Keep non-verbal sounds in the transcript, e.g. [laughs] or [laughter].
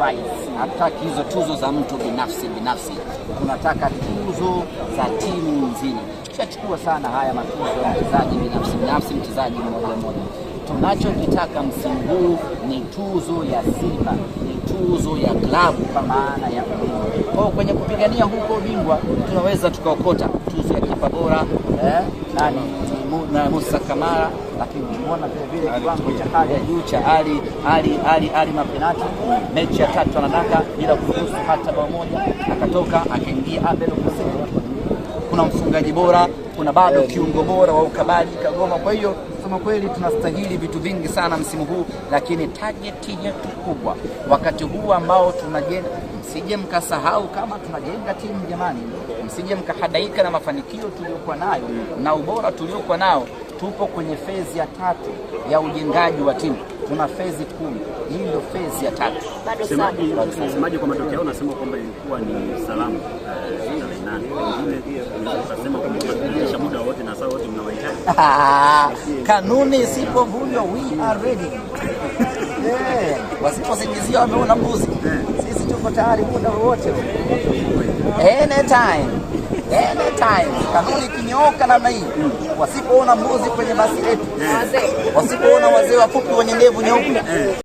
prize. Hatutaki hizo tuzo za mtu binafsi binafsi, tunataka tuzo za timu nzima. Tushachukua sana haya matuzo ya mchezaji binafsi binafsi, mchezaji mmoja mmoja. Tunachokitaka msimu huu ni tuzo ya Simba, ni tuzo ya klabu kwa maana ya ubingwa. Kwa kwenye kupigania huko ubingwa tunaweza tukaokota tuzo ya kipa bora eh? nani na Musa Kamara, lakini umeona vile vile kiwango cha hali ya juu cha Ali Ali Ali Ali Mapenati, mechi ya tatu anadaka bila kuruhusu hata bao moja, akatoka akaingia Abel Hussein. Kuna mfungaji bora, kuna bado eh, kiungo bora wa ukabaji Kagoma, kwa hiyo Kusema kweli, tunastahili vitu vingi sana msimu huu, lakini target yetu kubwa wakati huu ambao tunajenga, msije mkasahau kama tunajenga timu jamani, msije mkahadaika na mafanikio tuliyokuwa nayo na ubora tuliokuwa nao. Tupo kwenye fezi ya tatu ya ujengaji wa timu, tuna fezi kumi. Hii ndio fezi ya tatu. kwa matokeo? Nasema kwamba ilikuwa ni salamu, pengine eh, unasema [laughs] kanuni isipovunjwa, we are ready. [laughs] Wasiposingizia wameona mbuzi, sisi tuko tayari muda wowote, anytime anytime. Kanuni ikinyooka namna hii, wasipoona mbuzi kwenye basi letu, wasipoona wazee wafupi wenye ndevu nyeupe